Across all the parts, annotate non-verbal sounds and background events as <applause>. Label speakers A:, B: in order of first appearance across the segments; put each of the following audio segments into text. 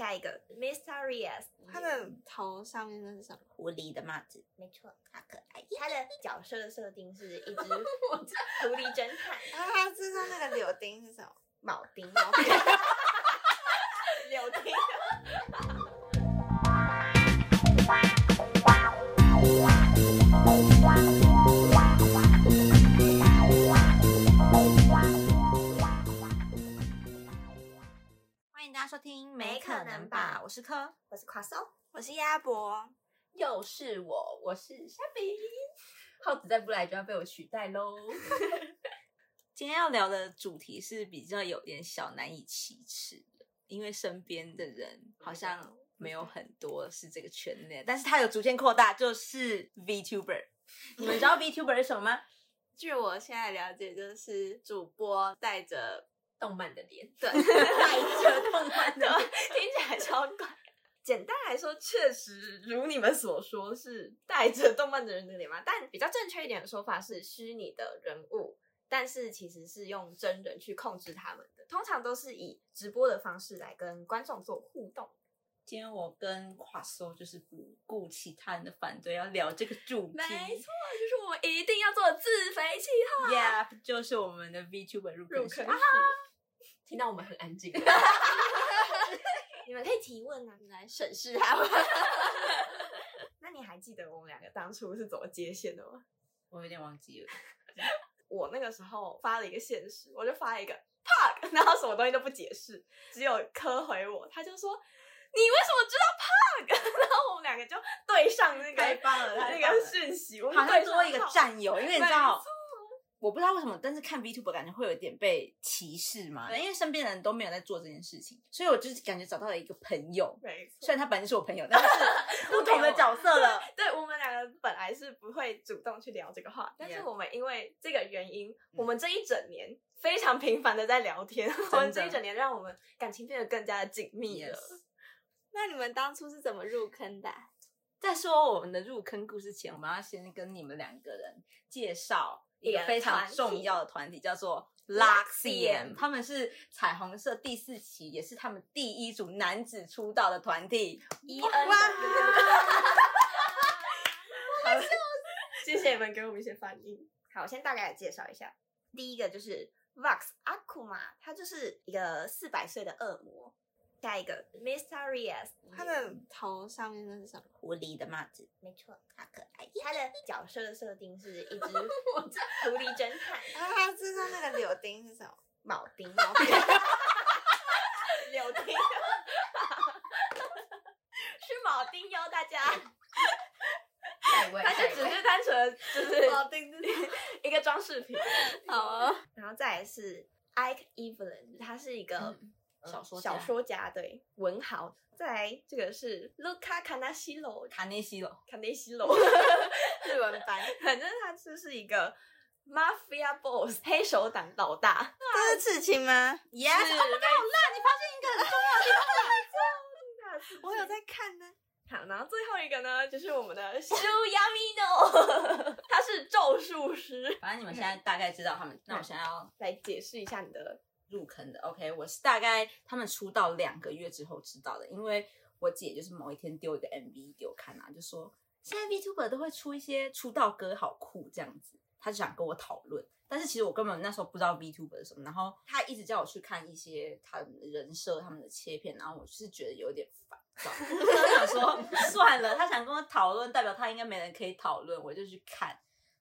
A: 下一個，Mysta Rias，他的頭上面那是什麼？狐狸的帽子。沒錯，好可愛。他的角色的設定是一只狐狸偵探。 <laughs> <laughs> 啊，他身上那個柳釘是什麼？鉚釘，鉚釘。柳釘。
B: 聽沒可能吧？沒可能吧？我是顆，我是可頌，我是鴨脖，又是我，我是蝦米耗子，再不來就要被我取代嘍。 <laughs> 今天要聊的主題是比較有點小難以啟齒的，因為身邊的人好像沒有很多是這個圈內，但是他有逐漸擴大，就是 VTuber。 <laughs> 你們知道 VTuber 是什麼嗎？ <laughs> 據我現在了解，就是
A: 主播帶着。動漫的臉，對 <laughs> 帶着動漫的， <laughs> 聽起來超怪。簡單來說，確實如你們所說，是帶着動漫的人的臉嗎？但比較正確一點的說法是虛擬的人物，但是其實是用真人去控制他們的。通常都是以直播的方式來跟觀眾做互動。今
B: 天我跟可頌就是不顧其他人的反對，要聊這個主題。沒
A: 錯，就是我們一定要做自肥企
B: 劃。Yeah，就是我們的 VTuber 入坑。入聽到我們很安靜，
A: <laughs> <laughs> 你們可以提問啊，你來審視他們。 <laughs> <laughs> 那你還記得我們兩個當初是怎麼接線的嗎？我有點忘記了。 <laughs> 我那個時候發了一個限時我就發了一個 Pug 然後什麼東西都不解釋，只有顆回我。他就說：“你為什麼知道 ‘Pug’？” <laughs> 然後我們兩個就對上那個了了那個訊息，我們可以說一個戰友，因為你知道。
B: 我不知道為什麼，但是看 VTuber 感覺會有點被歧視嘛？對因為身邊的人都沒有在做這件事情，所以我就是感覺找到了一個朋友。錯雖然他本身是我朋友， <laughs> 但是
A: 不同的角色了。 <laughs> 對，我們兩個本來是不會主動去聊這個話，但是我們因為這個原因，我們這一整年非常頻繁的在聊天。的 <laughs> 我們這一整年讓我們感情變得更加的緊密了。Yes. 那你們當初是怎麼入坑的？
B: 在說我們的入坑故事前，我們要先跟你們兩個人介紹。一個非常重要的團體,團體叫做 Luxiem 他們是彩虹社第四期，也是他們第一組男子
A: 出道的團體。一、二、三，謝謝你們給我們一些反應。好，我先大概介紹一下。第一個就是 Vox Akuma，他就是一個四百歲的惡魔。下一個 Misterius，他的頭上面那是什麼？
B: 狐狸的帽子。
A: 沒錯，好可愛。他的角色的設定是一只狐狸偵探。然、 <laughs> 啊、他身上那個柳丁是什麼？鉚釘。哈哈哈哈哈哈！柳丁是鉚釘喲，大家。他就 <laughs> 只是單純，只是鉚釘一個裝飾品， <laughs> 好啊、哦。然後再來是 Ike Eveland 他是一個、嗯。小說小說家，對，文豪。再來，這個是 Luca Kaneshiro，卡內西羅，卡內西羅，日文版。反正他就是一個 mafia boss，黑手黨老大。這是刺青嗎？Yes。我好爛，你發現一個都沒有。我有在看呢。好，然後最後一個呢，就是我們的 Shu Yamino，他是咒術師。反正你們現在大概知道他們。那我現在要
B: 來解釋一下你的。入坑的，OK，我是大概他們出道兩個月之後知道的，因為我姐就是某一天丟一個 MV 給我看啊，就說現在 Vtuber 都會出一些出道歌，好酷這樣子，他就想跟我討論，但是其實我根本那時候不知道 Vtuber 是什麼，然後他一直叫我去看一些他們的人設、他們的切片，然後我就是覺得有點煩躁，我 <laughs> 想說算了，他想跟我討論，代表他應該沒人可以討論，我就去看。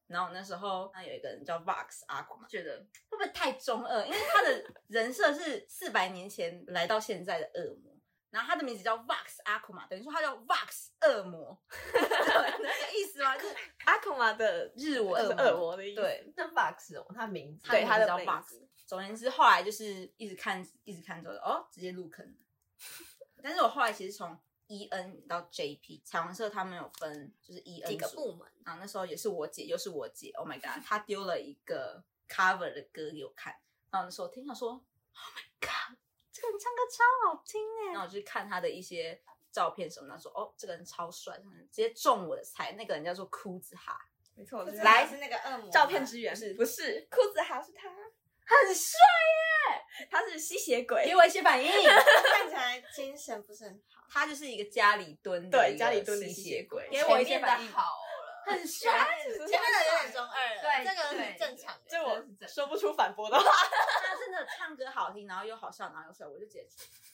B: 然後那時候，那有一個人叫 Vox Akuma 覺得會不會太中二？因為他的人設是四百年前來到現在的惡魔，然後他的名字叫 Vox Akuma，等於說他叫 Vox 惡魔， <laughs> 這那個、意思嗎？就是阿庫瑪的
A: 日文惡魔,惡魔的意思。對，叫 Vox、哦、他名字。對，他,叫 Vox,
B: 他的 Vox 總言之，後來就是一直看，一直看着哦，直接入坑。 <laughs> 但是我後來其實從。E N 到 J P，彩虹社他們有分，就是 E N。幾個部門啊，那時候也是我姐，又是我姐。Oh my god，她 <laughs> 丟了一個 Cover 的歌給我看，然後那時候我聽了說，Oh my god，這個人唱歌超好聽哎。然後我就去看他的一些照片什麼的，說哦，oh, 這個人超帥，直接中我的菜。那個人叫做褲
A: 子哈，沒錯，來是那個惡魔照片之源是？不是褲子哈是他，他很帥。他是吸血鬼，給我一些反應。看起來精神不是很好。他就是一個家裡
B: 蹲的，對，家裡蹲的吸血鬼。給我一些反應。好了，很帥。前面的有點中二了。對，這個是正常的。這我說不出反駁的話。他真的唱歌好聽，然後又好笑，然後又帥，我就覺得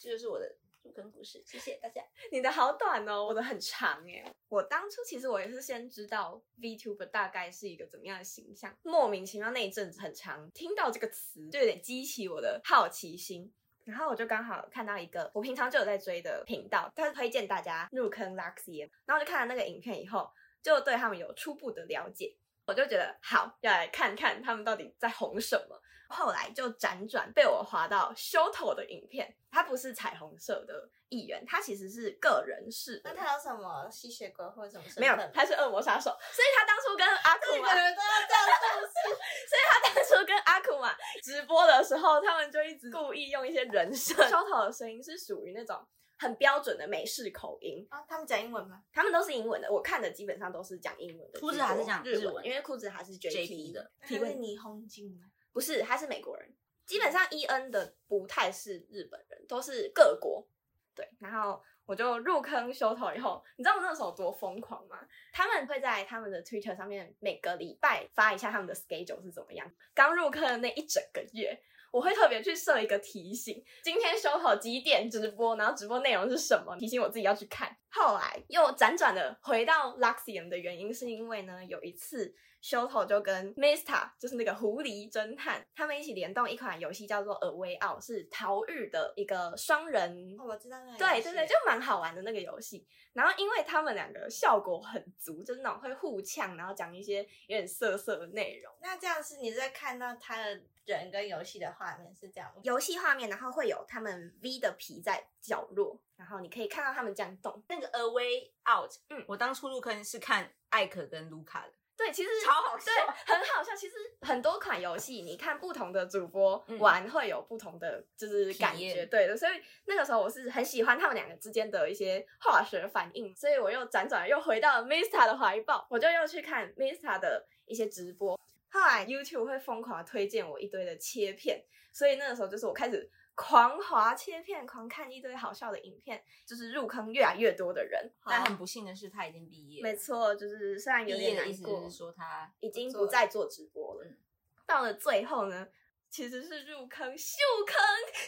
B: 這就是我的。跟故事，
A: 謝謝大家。你的好短哦，我的很長誒。我當初其實我也是先知道 VTuber 大概是一個怎麼樣的形象，莫名其妙那一陣子很長，聽到這個詞就有點激起我的好奇心，然後我就剛好看到一個我平常就有在追的頻道，他推薦大家入坑 Luxiem，然後我就看了那個影片以後，就對他們有初步的了解。我就覺得好，要來看看他們到底在紅什麼。Oh. 後來就輾轉被我滑到修頭的影片，他不是彩虹社的一員，他其實是個人勢。那他有什麼吸
B: 血鬼或者
A: 什麼？沒有，他是惡魔殺手。 <laughs> 所以他當初跟阿庫瑪， <laughs> 所以他當初跟阿庫瑪直播的時候，他們就一直故意用一些人設。修頭、啊、的聲音是屬於那種。很標準的美式口音啊！他們講英文嗎？他們都是英文的，我看的基本上都是講英文的。褲子還是講日文，日文。因為褲子還是 J P 的。因為他是霓虹精？不是，他是美國人。基本上 E N 的不太是日本人，都是各國。對，然後我就入坑修頭以後，你知道我那時候多瘋狂嗎？他們會在他們的 Twitter 上面每個禮拜發一下他們的 Schedule 是怎麼樣。剛入坑的那一整個月。我會特別去設一個提醒，今天 Shoto 幾點直播，然後直播內容是什麼？提醒我自己要去看。後來又輾轉的回到 Luxiem 的原因，是因為呢，有一次 Shoto 就跟 Mysta 就是那個狐狸偵探，他們一起聯動一款遊戲，叫做《A Way Out》，是逃獄的一個雙人。哦，我知道那對對對，就蠻好玩的那個遊戲。然後因為他們兩個效果很足，就是那種會互嗆，然後講一些有點色色的內容。那這樣是你在看到他的。人跟遊戲的畫面是這樣，遊戲畫面，然後會有他們 V 的皮在角落，然後你可以看到他們這樣動，那個 A Way Out。嗯，我當初入坑是看艾克跟盧卡的，對，其實超好笑，對，很好笑，其實很多款遊戲，你看不同的主播玩，嗯嗯會有不同的就是感覺，皮對的，所以那個時候我是很喜歡他們兩個之間的一些化學反應，所以我又輾轉又回到了 Mysta 的懷抱，我就又去看 Mysta 的一些直播。後來 YouTube 會瘋狂推薦我一堆的切片，所以那個時候就是我開始狂滑切片，狂看一堆好笑的影片，就是入坑越來越多的人。但很不幸的是，他已經畢業。沒錯，就是雖然有點難過，就是說他已經不再做直播了。嗯、到了最後呢？其實是入坑秀坑，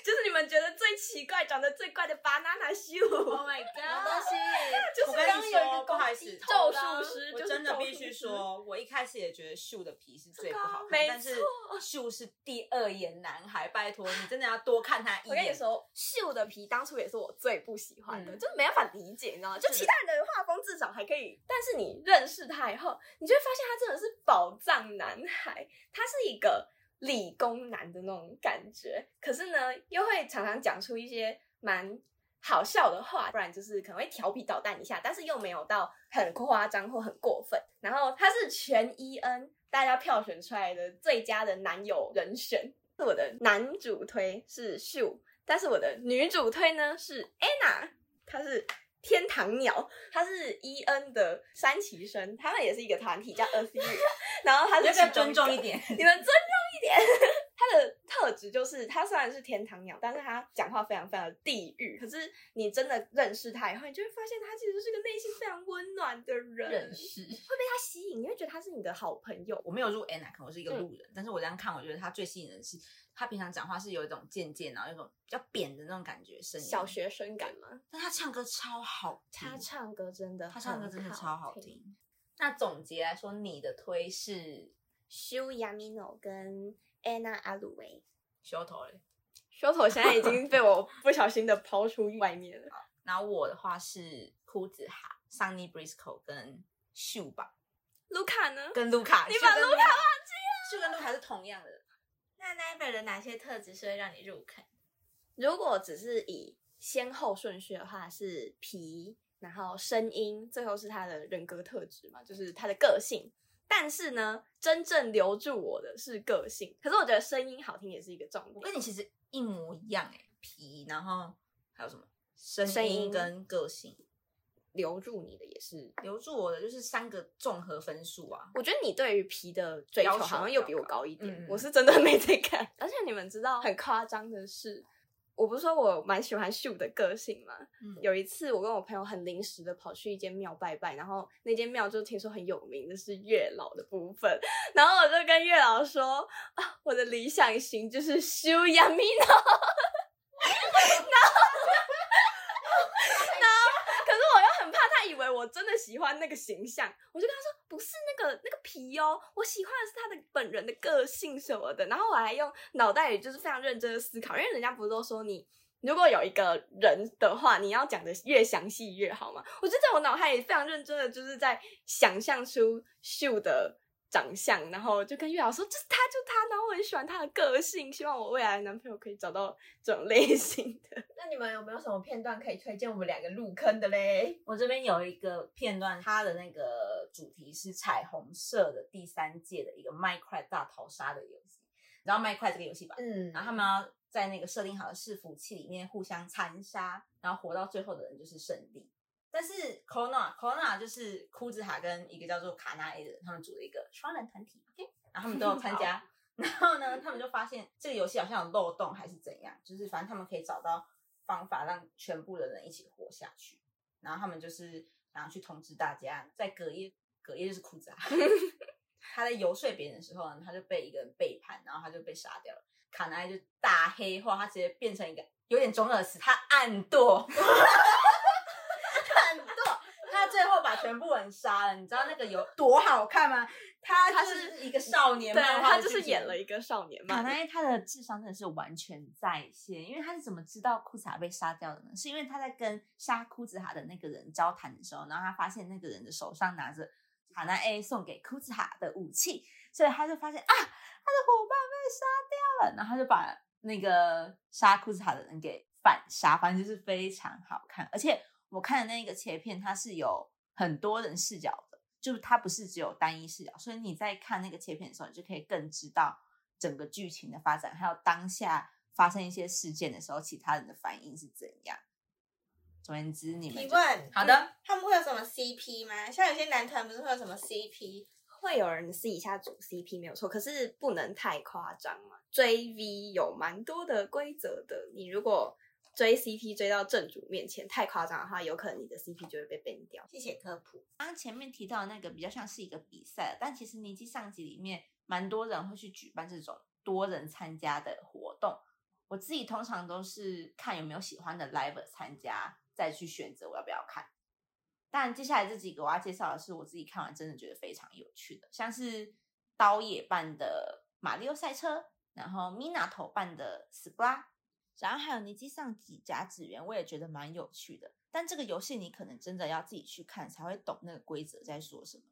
A: 就是你們覺得最奇怪、長得最怪的 banana 秀。Oh my god！ <laughs> 就是東西？剛剛有一個不好意思，咒術師。我真的必須說，
B: 我一開始也覺得秀的皮是最不好看，啊、但是沒錯秀是第二眼
A: 男孩，拜託你真的要多看他一眼。我跟你說，秀的皮當初也是我最不喜歡的，嗯、就是沒辦法理解，你知道嗎？就其他人的畫風至少還可以，但是你認識他以後，你就會發現他真的是寶藏男孩，他是一個。理工男的那種感覺，可是呢，又會常常講出一些蠻好笑的話，不然就是可能會調皮搗蛋一下，但是又沒有到很誇張或很過分。然後他是全 EN 大家票選出來的最佳的男友人選，是我的男主推是秀，但是我的女主推呢是 Anna。她是天堂鳥，她是 EN 的三期生，他們也是一個團體叫二 c e，然後他是要尊重一點，你們尊重。Yeah. <laughs> 他的特質就是，他雖然是天堂鳥，但是他講話非常非常地獄。可是你真的認識他以後，你就會發現他其實就是個內心非常溫暖的人，認識
B: 會被他吸引，你會覺得他是你的好朋友。我沒有入 a n i a，可我是一個路人。嗯、但是我這樣看，我覺得他最吸引人的是，他平常講話是有一種尖尖，然後有一種比較扁的那種感覺，聲音小學生感嘛。但他唱歌超好聽，他唱歌真的，他唱歌真的超好聽。聽，那總結來
A: 說，你的推是？秀亞米諾跟安娜阿魯維修頭嘞，修頭現在已經被我不小心的拋出外面了。然
B: 後我的話是褲子哈，Sonny Brisko 跟秀吧，盧卡呢？跟盧卡，你把盧卡忘記了？秀跟盧卡、卡、卡是同樣的。 <laughs> 那那一輩的哪些特質是會讓你入坑？
A: 如果只是以先後順序的話，是皮，然後聲音，最後是他的人格特質嘛，就是他的個性。但是呢，真正留住我的是個性。可是我覺得聲音好聽也是一個重點。跟你其實一模一樣哎、欸，皮，然後
B: 還有什麼聲音跟個性，留住你的也是留住我的，就是三個綜合分數啊。
A: 我覺得你對於皮的追求好像又比我高一點，嗯嗯，我是真的沒在看。而且你們知道很誇張的是。我不是說我蠻喜歡秀的個性嘛，嗯，有一次我跟我朋友很臨時的跑去一間廟拜拜，然後那間廟就聽說很有名的是月老的部分，然後我就跟月老說啊，我的理想型就是秀亞米諾。 <laughs> <laughs> <laughs> 我真的喜歡那個形象，我就跟他說，不是那個那個皮哦，我喜歡的是他的本人的個性什麼的。然後我還用腦袋裡就是非常認真的思考，因為人家不是都說你如果有一個人的話，你要講的越詳細越好嘛，我就在我腦海裡非常認真的就是在想象出秀的長相，然後就跟月老說，就是他，就是他，就他，然後我很喜歡他的個性，希望我未來的男朋友可以找到這種類型的。那你們有沒有什麼片段可以推薦我們兩個入坑的嘞？我這邊有一個片段，它的那個主題是彩
B: 虹社的第三屆的一個《麥塊》大逃殺的遊戲，你知道《麥塊》這個遊戲吧？嗯，然後他們要在那個設定好的伺服器裡面互相殘殺，然後活到最後的人就是勝利。但是 Corona Corona 就是庫茲卡跟一個叫做卡納 A 的，他們組了一個雙人團體，okay? 然後他們都有參加。 <laughs> 好然後呢，他們就發現這個遊戲好像有漏洞，還是怎樣？就是反正他們可以找到方法讓全部的人一起活下去。然後他們就是然後去通知大家，在隔夜隔夜就是庫茲卡他在遊說別人的時候呢，他就被一個人背叛，然後他就被殺掉了。卡納 A 就大黑化，化他直接變成一個有點中二死，他暗墮。 <laughs> 全部人殺了，你知道那個有多好看嗎？他他是一個少年嘛，他就是演了一個少年嘛。卡奈 A <laughs> 他的智商真的是完全在線，因為他是怎麼知道庫茲卡被殺掉的呢？是因為他在跟殺庫茲卡的那個人交談的時候，然後他發現那個人的手上拿着卡奈 A 送給庫茲卡的武器，所以他就發現啊，他的夥伴被殺掉了，然後他就把那個殺庫茲卡的人給反殺。反正就是非常好看，而且我看的那個切片，他是有。很多人視角的，就是他不是只有單一視角，所以你在看那個切片的時候，你就可以更知道整個劇情的發展，還有當下發生一些事件的時候，其他人的反應是怎樣。總言之，你們提問好的，
A: 他們會有什麼 CP 嗎？像有些男團不是會有什麼 CP，會有人私底下組 CP 沒有錯，可是不能太誇張嘛。追 V 有蠻多的規則的，你如果，追 CP 追到正主面前太誇張的話，有可能你的 CP 就會被 ban 掉。謝謝科普。剛剛前面提到的那個比較像是一個比
B: 賽，但其實 Nijisanji 裡面蠻多人會去舉辦這種多人參加的活動。我自己通常都是看有沒有喜歡的 Live 參加，再去選擇我要不要看。但接下來這幾個我要介紹的是我自己看完真的覺得非常有趣的，像是刀也辦的《馬里奧賽車》，然後 Minato 辦的《Splat》。然後還有尼基上幾甲子園，我也覺得蠻有趣的。但這個遊戲你可能真的要自己去看才會懂那個規則在說什麼。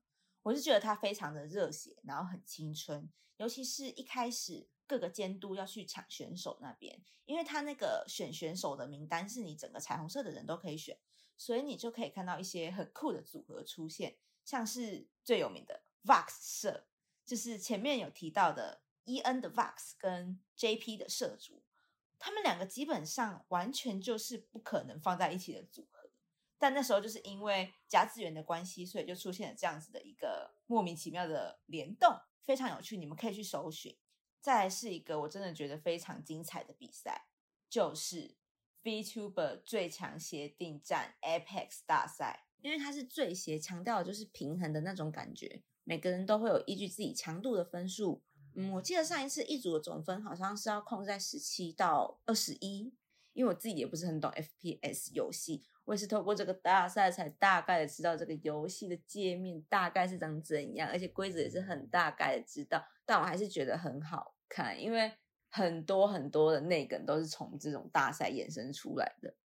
B: 我是覺得他非常的熱血，然後很青春，尤其是一開始各個監督要去搶選手那邊，因為他那個選選手的名單是你整個彩虹社的人都可以選，所以你就可以看到一些很酷的組合出現，像是最有名的 Vox 社，就是前面有提到的 E N 的 Vox 跟 J P 的社主。他們兩個基本上完全就是不可能放在一起的組合，但那時候就是因為甲子園的關係，所以就出現了這樣子的一個莫名其妙的聯動，非常有趣，你們可以去搜尋。再來是一個我真的覺得非常精彩的比賽，就是 V Tuber 最強協定戰 Apex 大賽，因為它是最協，強調的就是平衡的那種感覺，每個人都會有依據自己強度的分數。嗯，我記得上一次一組的總分好像是要控制在十七到二十一，因為我自己也不是很懂 FPS 遊戲，我也是透過這個大賽才大概的知道這個遊戲的界面大概是長怎樣，而且規則也是很大概的知道，但我還是覺得很好看，因為很多很多的梗都是從這種大賽衍生出來的，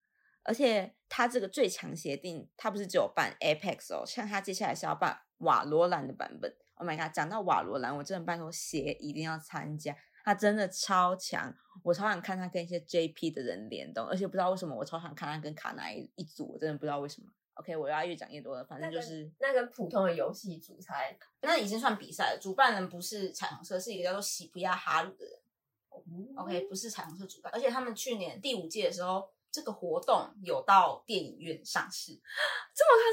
B: 而且他這個最強協定，他不是只有辦 Apex 哦，像他接下來是要辦瓦羅蘭的版本。Oh my god！講到瓦羅蘭，我真的拜托鞋，一定要參加，他真的超強，我超想看他跟一些 JP 的人聯動，而且不知道為什麼，我超想看他跟卡納一一組，我真的不知道為什麼。OK，我要越講越多了，反正就是、那個、那個普通的遊戲主才，嗯、那已經算比賽了。主辦人不是彩虹社，是一個叫做喜比亞哈魯的人。嗯、OK，不是彩虹社主辦，而且他們去年第五屆的時候，這個活動有到電影院上市，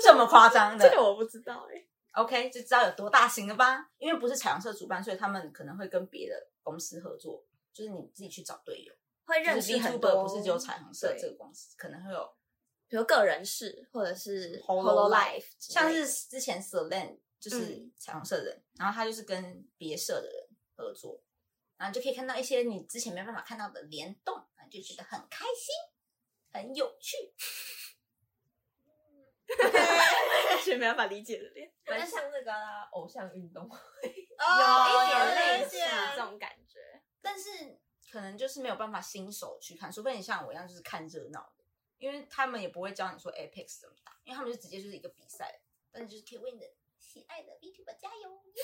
B: 這麼誇張的。這個我不知道哎、欸。OK，就知道有多大型了吧？因為不是彩虹社主辦，所以他們可能會跟別的公司合作，就是你自己去找隊
A: 友，會認識很多，不是只有彩虹社
B: 這個公司，可能會有，比如個人勢或者是 hololive，像是之前 Selen 就是彩虹社的人，嗯、然後他就是跟別社的人合作，然後就可以看到一些你之前沒辦法看到的聯動，然後就覺得很開心，很有趣。 <laughs> <laughs>
A: 完 <laughs> 全沒辦法理解的，有點像這個偶像運動
B: 會有、oh，有，有一點類似這種
A: 感覺，但是可能
B: 就是沒有辦法新手去看，除非你像我一樣就是看熱鬧，因為他們也不會教你說
A: Apex 怎麼打，因為他們就直接就是一個比賽，但你就是可以
B: 為你的喜愛的 VTuber 加油耶！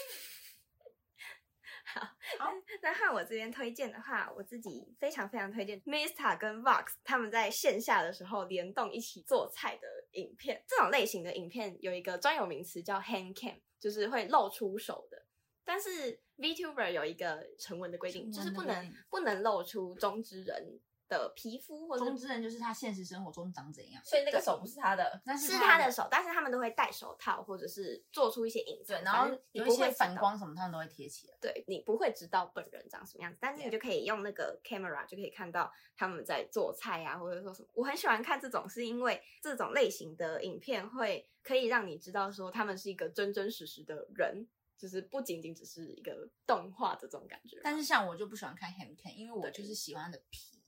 A: 好，那那好我這邊推薦的話，我自己非常非常推薦 Mista 跟 Vox 他們在線下的時候聯動一起做菜的影片。這種類型的影片有一個專有名詞叫 hand cam，就是會露出手的。但是 Vtuber 有一個成文的規定，就是不能不能露出中之人。的皮膚或者中之人就是他現實生活中長怎樣，所以那個手不是他的，是他的手，但是他們都會戴手套或者是做出一些影子，然後你不會反光
B: 什麼，他們都會貼起
A: 來。對，你不會知道本人長什麼樣子，但是你就可以用那個 camera 就可以看到他們在做菜啊，Yeah. 或者說什麼。我很喜歡看這種，是因為這種類型的影片會可以讓你知道說他們是一個真真實實的人，就是不僅僅只是一個動畫的這種感覺。但是像我就不喜歡看 handcam，因為我就是喜歡的皮。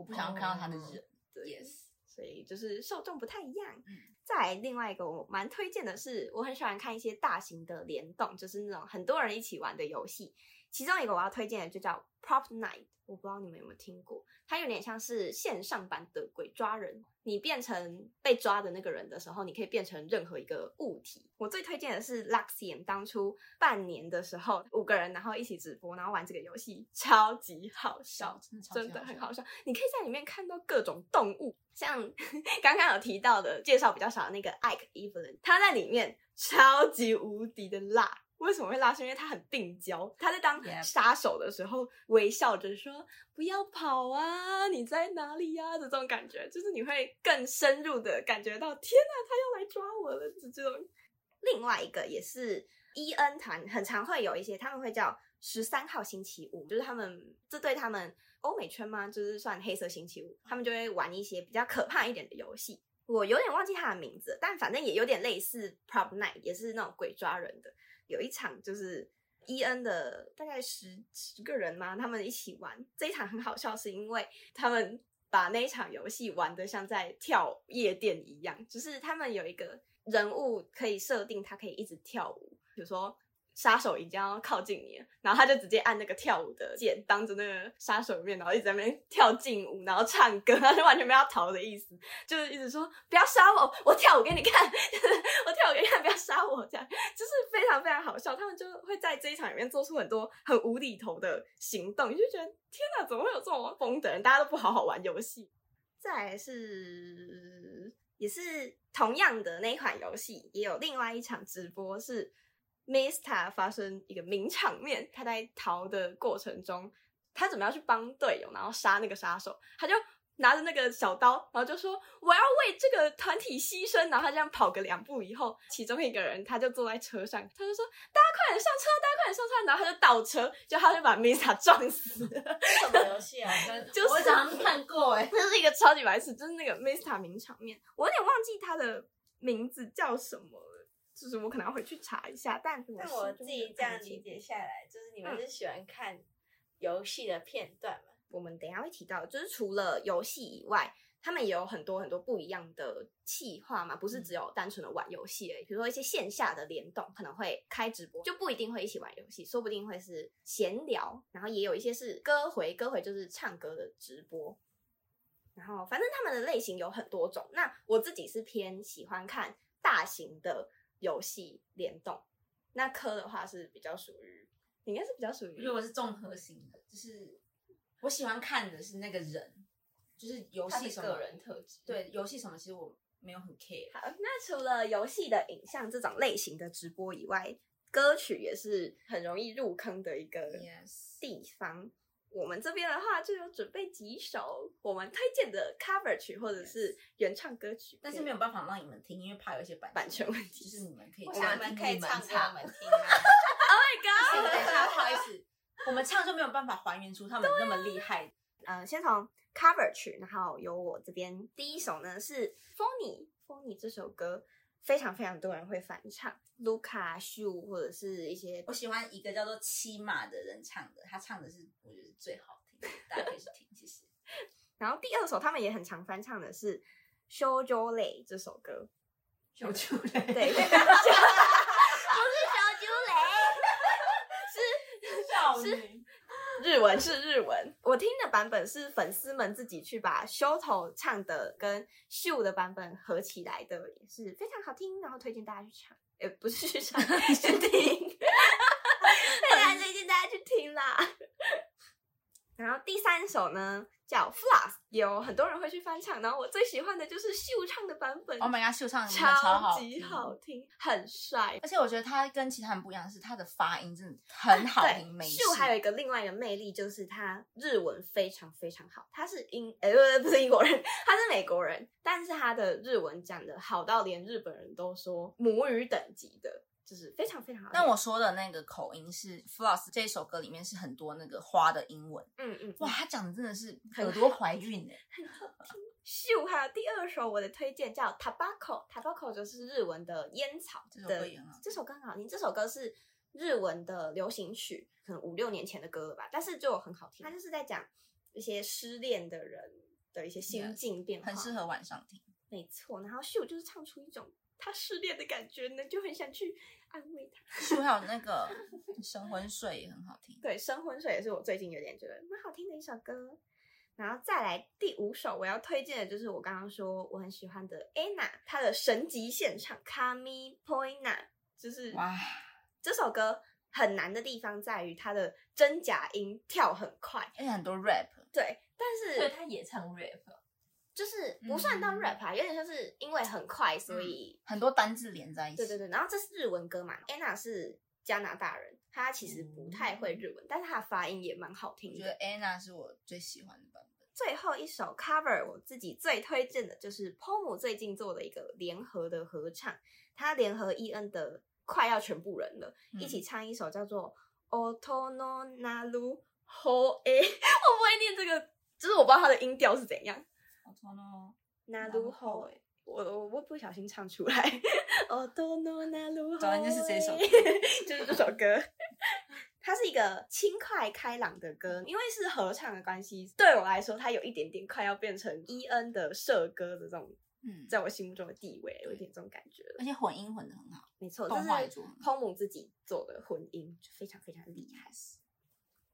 A: 我不想要看到他的人，對，Yes. 所以就是受眾不太一樣。嗯、再來另外一個我蠻推薦的是，我很喜歡看一些大型的聯動，就是那種很多人一起玩的遊戲。其中一個我要推薦的就叫 Prop Night，我不知道你們有沒有聽過，它有點像是線上版的鬼抓人。你變成被抓的那個人的時候，你可以變成任何一個物體。我最推薦的是 Luxiem，當初半年的時候五個人然後一起直播，然後玩這個遊戲，超級好笑，超，真的超級真的很好笑。你可以在裡面看到各種動物，像剛剛有提到的介紹比較少的那個 Ike Eveland，他在裡面超級無敵的辣。為什麼會拉伸？因為他很病嬌。他在當殺手的時候，Yeah. 微笑着說：“不要跑啊，你在哪裡呀、啊？”這種感覺，就是你會更深入的感覺到，天哪，他要來抓我了。就是、這種另外一個也是 E N 團，很常會有一些，他們會叫十三號星期五，就是他們這對他們歐美圈嘛，就是算黑色星期五，他們就會玩一些比較可怕一點的遊戲。我有點忘記他的名字，但反正也有點類似 Prop Night，也是那種鬼抓人的。有一場就是伊恩的大概十十個人嘛，他們一起玩這一場很好笑，是因為他們把那一場遊戲玩得像在跳夜店一樣，就是他們有一個人物可以設定，他可以一直跳舞，比如說。殺手已經要靠近你了，然後他就直接按那個跳舞的鍵，當着那個殺手的面，然後一直在那邊跳勁舞，然後唱歌，他就完全沒有要逃的意思，就是一直說不要殺我，我跳舞給你看， <laughs> 我跳舞給你看，不要殺我，這樣就是非常非常好笑。他們就會在這一場裡面做出很多很無厘頭的行動，你就覺得天哪，怎麼會有這種瘋的人？大家都不好好玩遊戲。再來是也是同樣的那一款遊戲，也有另外一場直播是，Mista 發生一個名場面，他在逃的過程中，他怎麼要去幫隊友，然後殺那個殺手？他就拿着那個小刀，然後就說我要為這個團體犧牲。然後他這樣跑個兩步以後，其中一個人他就坐在車上，他就說大家快點上車，大家快點上車。然後他就倒車，就他就把 Mista 撞死了。這是什麼遊戲啊？ <laughs> 就是我早上看過哎、欸，這是一個超級白痴，就是那個 Mista 名場面，我有點忘記他的名字叫什麼。就是我可能要回去查一下，但我是，是但我自己這樣理解下來，就是你們是喜歡看遊戲的片段嘛？嗯、我們等一下會提到，就是除了遊戲以外，他們也有很多很多不一樣的企劃嘛，不是只有單純的玩遊戲而已。比如說一些線下的聯動，可能會開直播，就不一定會一起玩遊戲，說不定會是閒聊，然後也有一些是歌回，歌回就是唱歌的直播，然後反正他們的類型有很多種。那我自己是偏喜歡看大型的。遊戲聯動，那顆的話是比較屬於，你應該是比較屬於，如果是綜合型的，就是我喜歡
B: 看的是那個人，
A: 就是遊戲什麼人的個人
B: 特質，對遊戲對什麼其實我沒有很
A: care。好，那除了遊戲的影像這種類型的直播以外，歌曲也是很容易入坑的一個地方。Yes. 我們這邊的話就有準備幾首我們推薦的 cover 曲或者是原唱歌曲，但是沒有辦法讓你們聽，因為怕
B: 有一些版版權
A: 問題。就是你
B: 們
A: 可以唱給你們聽。Oh my god！等一下，不好意
B: 思，我們唱就沒有辦法還原出他們那麼厲害。
A: 呃，先從 cover 曲，然後由我這邊第一首呢是 Phony, Phony 這首歌。非常非常多人會翻唱 Luca 秀，或者是一些
B: 我喜歡一個叫做騎馬的人唱的，他唱的是我覺得最好聽，大家可以是聽。其實，
A: <laughs> 然後第二首他們也很常翻唱的是 Show j o l e 這首歌，s h o j o 對。對 <laughs> <laughs> 日文是日文， <laughs> 我聽的版本是粉絲們自己去把 Shoto 唱的跟 Shu 的版本合起來的，也是非常好聽，然後推薦大家去唱，也、欸、不是去唱，是 <laughs> 聽，哈哈哈，大家推薦大家去聽啦。然後第三首呢叫《Floss》有很多人會去翻唱。然後我最喜歡的就是秀唱的版本。Oh my god，秀唱真的超好聽。超級好
B: 聽，很帥。而且我覺得他跟其他人不一樣，是他的發音真的很好聽。對美式秀還
A: 有一個另外一個魅力，就是他日文非常非常好。他是英呃，不、欸、不是英國人，他是美國人，但是他的日文講的好到連日本人都說母語等級的。就是，是非常非常好。但我說的那
B: 個口音是 Floss 這首歌裡面是很多那個花的英文。嗯嗯。
A: 嗯嗯，哇，他講的真的是很多
B: 懷孕，很好
A: 聽。秀還有第二首我的推薦叫 Tobacco，Tobacco 就是日文的煙草的。這首歌也很好。這首歌很好聽，這首歌是日文的流行曲，可能五六年前的歌了吧，但是就很好聽。他就是在講一些失戀的人的一些心境變化，很適合晚上聽。沒錯，然後秀就是唱出一種他失戀的感覺呢，就很想去。安慰他，是不是還有那個《神魂水》也很好聽？對，《神魂水》也是我最近有點覺得蠻好聽的一首歌。然後再來第五首，我要推薦的就是我剛剛說我很喜歡的 Anna，、e、她的神級現場《Kamippoina》，就是哇，這首歌很難的地方在於它的真假音跳很快，因為很多 rap。對，但是對，他也唱 rap。就是不算到 rap、啊嗯、有點就是因為很快，所以很多單字連在一起。對對對，然後這是日文歌嘛，Anna 是加拿大人，她其實不太會日文，嗯、但是她的發音也蠻好聽的。覺得 Anna 是我最喜歡的版本。最後一首 cover 我自己最推薦的就是 Pom 最近做的一個聯合的合唱，他聯合 EN 的快要全部人了，嗯、一起唱一首叫做 Otono Nalu Ho A，我不會念這個，就是我不知道它的音調是怎樣。哦，那路好，路我我我不小心唱出來。哦，多諾那路好。昨天就是這首歌， <laughs> 就是這首歌。它是一個輕快開朗的歌，嗯、因為是合唱的關係，對我來說，它有一點點快要變成伊恩的社歌的這種，嗯、在我心目中的地位，有一點這種感覺。而且混音混的很好，沒錯錯，這是 t o m m 自己做的混音，就非常非常厲害。嗯、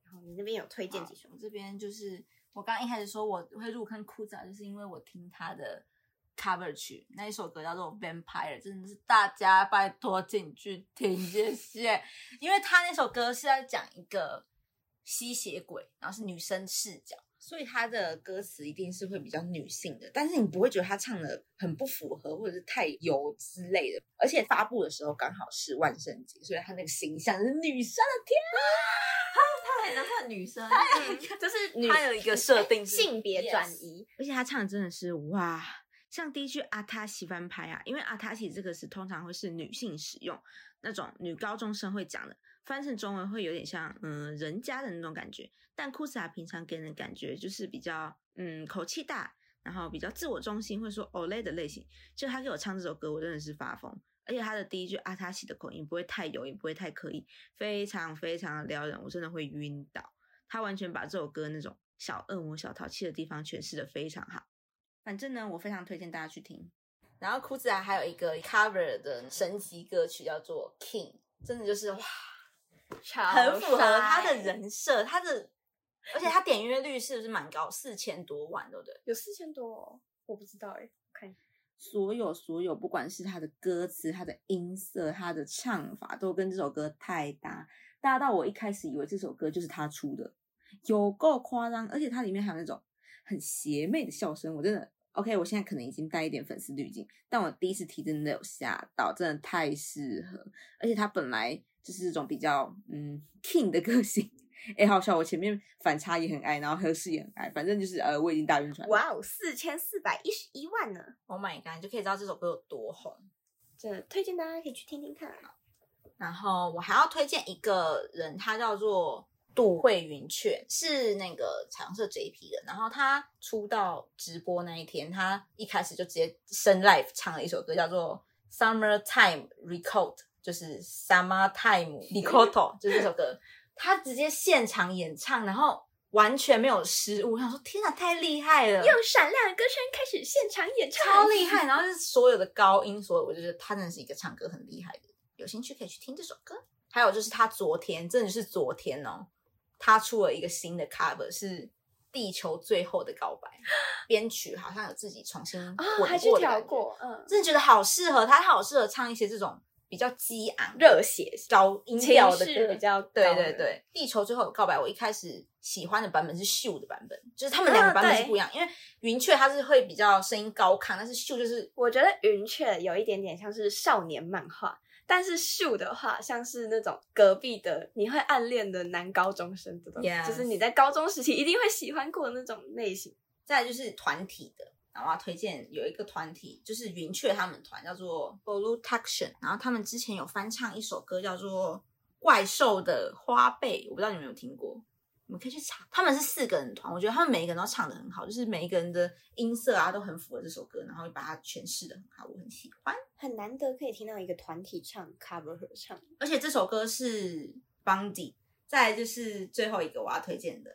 A: 然後你那邊有推薦幾首？這邊就是。
B: 我剛一開始說我會入坑酷仔、啊，就是因為我聽他的 cover 曲，那一首歌叫做《Vampire》，真的是大家拜託進去聽一下，謝謝 <laughs> 因為他那首歌是要講一個吸血鬼，然後是女生視角。所以他的歌詞一定是會比較女性的，但是你不會覺得他唱的很不符合或者是太油之類的。而且發布的時候剛好是萬聖節，所以他那個形象是
A: 女生的天啊！他他很能女生，就是他有一個設定打掌聲性別轉移，
B: 而且他唱的真的是哇！像第一句阿塔西翻拍啊，因為阿塔西這個是通常會是女性使用那種女高中生會講的，翻成中文會有點像嗯人家的那種感覺。但庫茲馬平常給人的感覺就是比較嗯口氣大，然後比較自我中心，或者說 ore 的類型。就他給我唱這首歌，我真的是發瘋。而且他的第一句阿塔西的口音不會太油，也不會太刻意，非常非常撩人，我真的會暈倒。他完全把這首歌那種小惡魔、小淘氣的地方詮釋的非常好。反正呢，我非常推薦大家去聽。然後庫子還有一個 cover 的神級歌曲叫做《King》，真的就是哇，超帥，很符合他的人設，他的。而且他點閱率是不是蠻高？四千多萬，對不對？
A: 有四千多哦，我不知道哎、欸，看一下。所有所
B: 有，不管是他的歌詞、他的音色、他的唱法，都跟這首歌太搭，搭到我一開始以為這首歌就是他出的，有夠誇張。而且他裡面還有那種很邪魅的笑聲，我真的 OK。我現在可能已經帶一點粉絲濾鏡，但我第一次聽真的有嚇到，真的太適合。而且他本來就是這種比較嗯 King 的個性。哎，誒好笑！我前面反差也很矮，然後和適也很矮，反正就是呃，我已經大暈轉了。哇哦、wow, 啊，四千四百一十一萬呢！Oh my god，你就可以知道這首歌有多紅。這推薦大家可以去聽聽看。然後我還要推薦一個人，他叫做杜慧雲雀，是那個彩虹社 J.P 的。然後他出道直播那一天，他一開始就直接生 live 唱了一首歌，叫做《Summer Time Record》，就是 record, 對《Summer Time r e c o 就是這首歌。 <laughs> 他直接現場演唱，然後完全沒有失誤。我想說，天啊，太厲害了！
A: 用閃亮的歌聲開始現場演唱，超厲害！
B: 然後是所有的高音，所以我就覺得他真的是一個唱歌很厲害的。有興趣可以去聽這首歌。還有就是他昨天，真的是昨天哦，他出了一個新的 cover，是《地球最後的告白》，編 <laughs> 曲好像有自己重新啊，我、哦、還去調
A: 過，嗯，真的覺
B: 得好適合，他好適合唱一些這種。比較激昂、熱血、高音調的，的歌比較高，對對對。地球最後告白，我一開始喜歡的版本是秀的版本，就是他們兩個版本是不一樣。啊、
A: 因為雲雀他是會比較聲音高亢，但是秀就是我覺得雲雀有一點點像是少年漫畫，但是秀的話像是那種隔壁的你會暗戀的男高中生的東西，Yes. 就是你在高中時期一定會喜歡過的那種類型。再來就是團體的。然後我要推薦有一個團體，就是雲雀他
B: 們團叫做 Blue Taction。然後他們之前有翻唱一首歌叫做《怪獸的花唄》，我不知道你們有聽過，你們可以去查。他們是四個人團，我覺得他們每一個人都唱得很好，就是每一個人的音色啊都很符合這首歌，然後就把它詮釋的很好，我很喜歡。
A: 很難得可以聽到一個團體唱 cover 合唱，
B: 而且這首歌是邦迪。再來就是最後一個我要推薦的，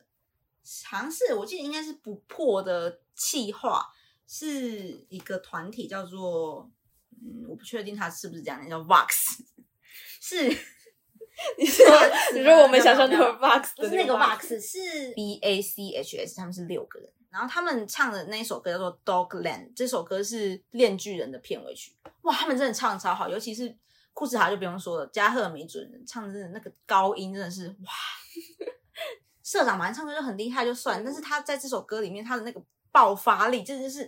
B: 嘗試我記得應該是不破的氣化。是一個團體叫做，嗯，我不確定他是不是這樣的，叫 Vox，是， <laughs> 你說你說我們想象那種 Vox，不是那個 Vox <laughs> 是 B A C H S，他們是六個人，然後他們唱的那首歌叫做《Dogland》，這首歌是《鏈鋸人》的片尾曲，哇，他們真的唱的超好，尤其是庫茲卡就不用說了，加赫沒準唱的真的那個高音真的是哇， <laughs> 社長嘛，唱歌就很厲害就算，但是他在這首
A: 歌裡面他的那個。爆發力，這就是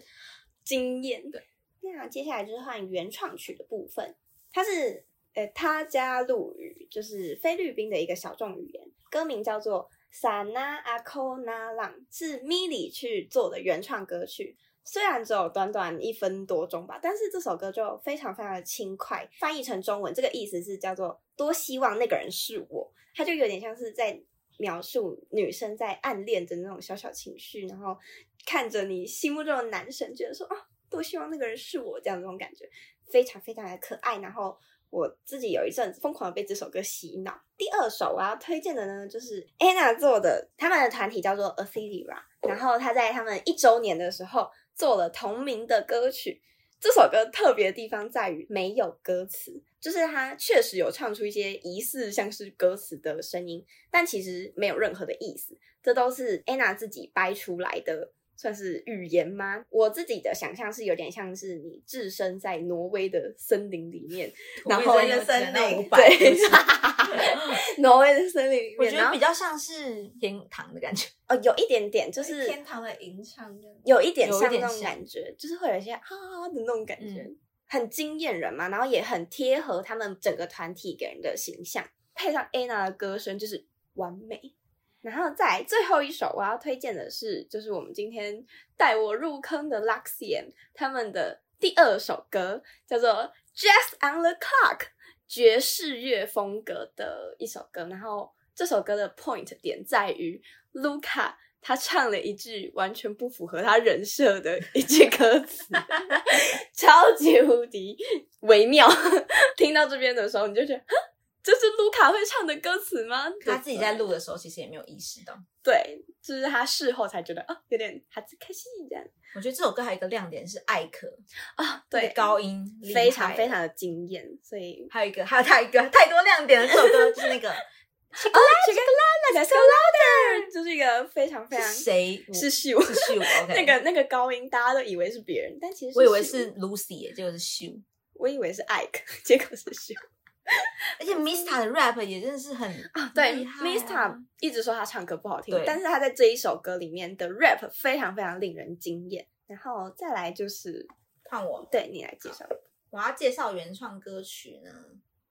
A: 驚艷，對，那、啊、接下來就是換原創曲的部分，它是呃、欸，他加祿語，就是菲律賓的一個小眾語言，歌名叫做 “Sana Ako Na Lang”，是 Mili 去做的原創歌曲。雖然只有短短一分多鐘吧，但是這首歌就非常非常的輕快。翻譯成中文，這個意思是叫做“多希望那個人是我”，它就有點像是在。描述女生在暗戀的那種小小情緒，然後看着你心目中的男神，覺得說啊，哦，多希望那個人是我這樣這種感覺，非常非常的可愛。然後我自己有一陣瘋狂的被這首歌洗腦。第二首我要推薦的呢，就是 Anna 做的，他們的團體叫做 A Cera，然後他在他們一周年的時候做了同名的歌曲。這首歌特別的地方在於沒有歌詞，就是它確實有唱出一些疑似像是歌詞的聲音，但其實沒有任何的意思，這都是 Anna 自己掰出來的。算是語言嗎？我自己的想象是有點像是你置身在挪威的森林裡面，然後挪威的森林對， <laughs> <laughs> 挪威的森林裡面，我覺得比較像是後天堂的感覺哦，有一點點就是天堂的吟唱，有一點像那種感覺，就是會有一些啊，啊，啊的那種感覺，嗯、很驚豔人嘛，然後也很貼合他們整個團體給人的形象，配上 Anna 的歌聲就是完美。然後再來最後一首，我要推薦的是，就是我們今天帶我入坑的 Luxiem 他們的第二首歌，叫做 Jazz on the Clock，爵士樂風格的一首歌。然後這首歌的 point 點在於，Luca 他唱了一句完全不符合他人設的一句歌詞， <laughs> 超級無敵微妙。聽到這邊的時候，你就覺得。這是盧卡會唱的歌詞嗎？他自己在錄的時候其實也沒有意識到，對，就是他事後才覺得，啊，有點還是開心這樣。我覺得這首歌還有一個亮點是艾克啊，對，高音非常非常的驚豔，所以還有一個還有他一個太多亮點的這首歌就是那個，這個就是一個非常非常誰是秀秀，那個那個高音大家都以為是別人，但其實我以為是 Lucy 耶，結果是秀，我以為是艾克，結果是秀。 <laughs> 而且 Mista 的 rap 也真的是很啊，對、啊、，Mista 一直說他唱歌不好聽，對但是他在這一首歌裡面的 rap 非常非常令人驚艷。然後再來就是換我，對，你來介紹，我要介紹原創歌曲呢。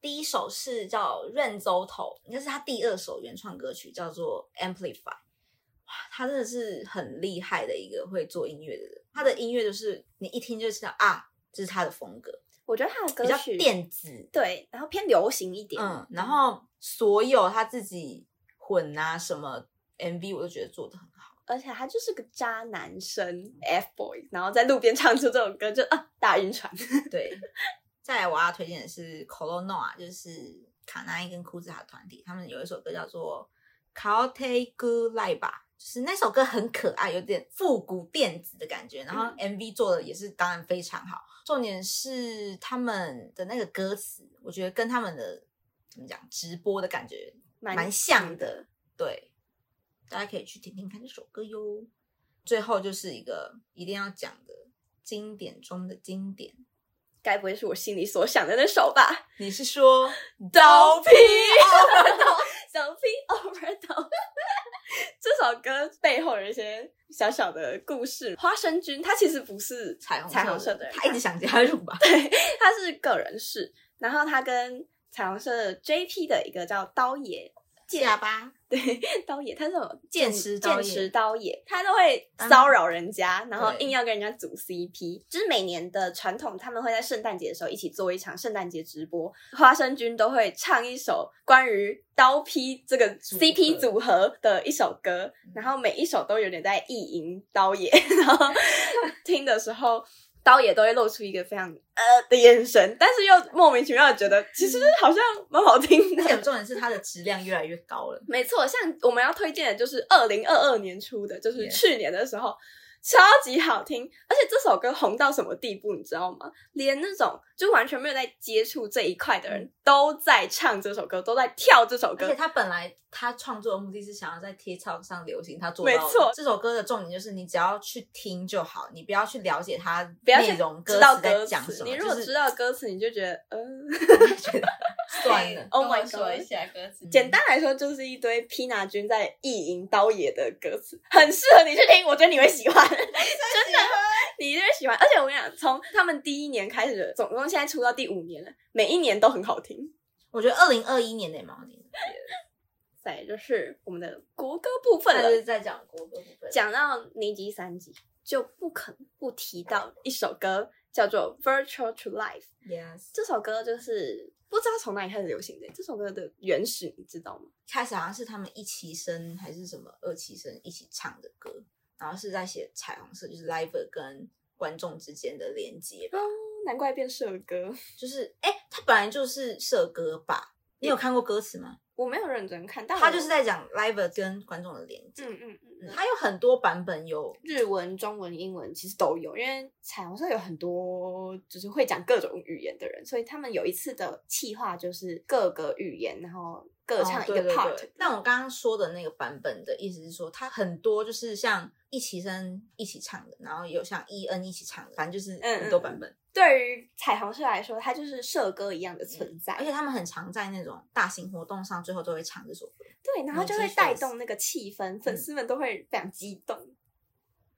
B: 第一首是叫《認周頭》，應該是他第二首原創歌曲，叫做《Amplify》。哇，他真的是很厲害的一個會做音樂的人，他的音樂就是你一聽就知道啊，這，就是他的風格。
A: 我覺得他的歌曲比較電子對，然後偏流行一點。嗯，然後所有
B: 他自己混啊什麼 MV，我都覺得做得很好。
A: 而且他就是個渣男生 F boys、嗯、然後在路邊唱出這種歌就啊大暈船。 <laughs> 對，再來我要推薦
B: 的是 Kolonoa，就是卡納伊跟庫子他的團體，他們有一首歌叫做 Kotegu Lai 吧。是那首歌很可愛，有點復古電子的感覺，然後 MV 做的也是當然非常好。嗯、重點是他們的那個歌詞，我覺得跟他們的怎麼講直播的感覺蠻像的。對，大家可以去聽聽看這首歌喲。最後就是一個一定要講的經典中的經典，該
A: 不會是我心裡所想的那首吧？你是說刀劈？跟背後有一些小小的故事。花生君他其實不是彩虹彩虹社的人，他一直想加入吧。對，他是個人勢。然後他跟彩虹社的 JP 的一個叫刀也下巴對刀也，他是種劍持，劍持刀也，他都會騷擾人家，啊、然後硬要跟人家組 CP。對就是每年的傳統，他們會在聖誕節的時候一起做一場聖誕節直播，花生君都會唱一首關於刀 P 這個 CP 組合的一首歌，合然後每一首都有點在意淫刀也，然後聽的時候。 <laughs> 刀也都會露出一個非常呃的眼神，但是又莫名其妙的覺得其實好像蠻好聽的。但、嗯、 <laughs> 重點是它的質量越來越高了。沒錯，像我們要推薦的就是二零二二年出的，就是去年的時候。Yeah. 超級好聽，而且這首歌紅到什麼地步，你知道嗎？連那種就完全沒有在接觸這一塊的人都在唱這首歌，嗯、都在跳這首歌。而且他
B: 本來他創作的目的是想要在 TikTok 上流行，他做到了。沒錯錯，這首歌的重點就是你只要去聽就好，你不要去了解他內容，不要知道歌詞在講什麼。你如果知道
A: 歌詞，就是、你就覺得嗯。呃 <laughs> 算了 Hey,，Oh my God！簡單來說就是一堆披拿君在意淫刀爺的歌詞， <laughs> 很適合你去聽，我覺得你會喜歡。 <laughs> 真的， <laughs> 你會喜歡。而且我跟你講，從他們第一年開始，總共現在出到第五年了，每一年都很好聽。我覺得二零二一年那毛年， <laughs> 對，就是我們的國歌部分是在講國歌部分，講到年級三級就不肯不提到一首歌，哎、叫做《Virtual to Life》。Yes，這首歌就是。不知道從哪裡開始流行的這首歌的原始你知道嗎？開始好像是他們一期
B: 生還是什麼二期生一起唱的歌，然後是在寫彩虹色，就是 liver 跟觀眾之間的連接。哦、啊，
A: 難怪變社
B: 歌，就是哎、欸，它本來就是社歌吧。你有看過歌詞嗎？
A: 我沒有認真看，但他就是在
B: 講 live 跟觀眾的連接、嗯。嗯嗯嗯，他有很多版本有，有
A: 日文、中文、英文，其實都有。因為彩虹社有很多就是會講各種語言的人，所以他們有一次的企劃就是各個語言，然後各唱一個 part。哦、對對對對，但我剛剛說的
B: 那個版本的意思是說，它很多就是像。一起聲一起唱的，然後有像 EN 一起唱的，反正就是很多、嗯、版本。對於彩虹社
A: 來說，它就是社歌一樣的存在，嗯、而且他
B: 們很常在那種大型活動上，最後都會唱
A: 這首歌。對，然後就會帶動那個氣氛，嗯、粉絲們都會非常激動。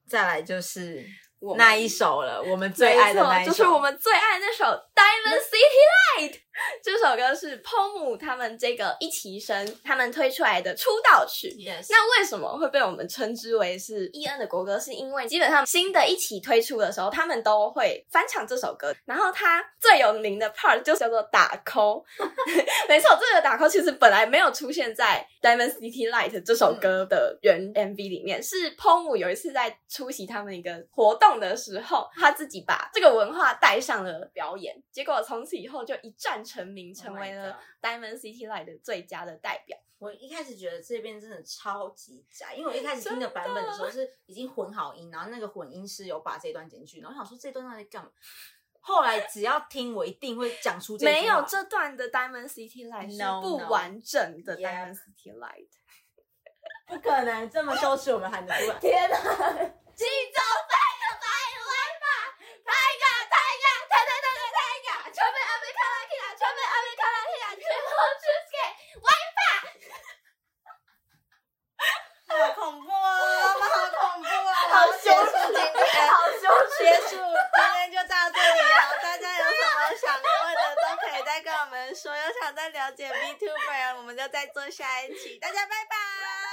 B: 再來就是那一首了，我們最愛的那首，就是我
A: 們最愛那首《Diamond City Light》。 <laughs> 這首歌是 POM 他們這個一期生他們推出來的出道曲。Yes. 那為什麼會被我們稱之為是伊、e、恩的國歌？是因為基本上新的一期推出的時候，他們都會翻唱這首歌。然後他最有名的 part 就叫做打 call。 <laughs> <laughs> 沒錯，這個打 call 其實本來沒有出現在《Diamond City Light》這首歌的原 MV 裡面，嗯、是 POM 有一次在出席他們一個活動的時候，他自己把這個文化帶上了表演。結果從此以後就一轉。成名成為了 Diamond City Light 的最佳的代表。Oh、我一開始覺得這邊真的超級假，因為我一開始聽的版本的時候是
B: 已經混好音，的然後那個混音師有把這段剪去，然後我想說這段到底幹嘛？後來只要聽，我一定會講出 <laughs> 沒有這
A: 段的 Diamond City Light no 不完
B: 整的 Diamond City
A: Light， <laughs> 不
B: 可能這麼羞恥，我們還能 <laughs> 天
A: 吶、啊，繼續造
B: 做下一期，大家拜拜。 <laughs>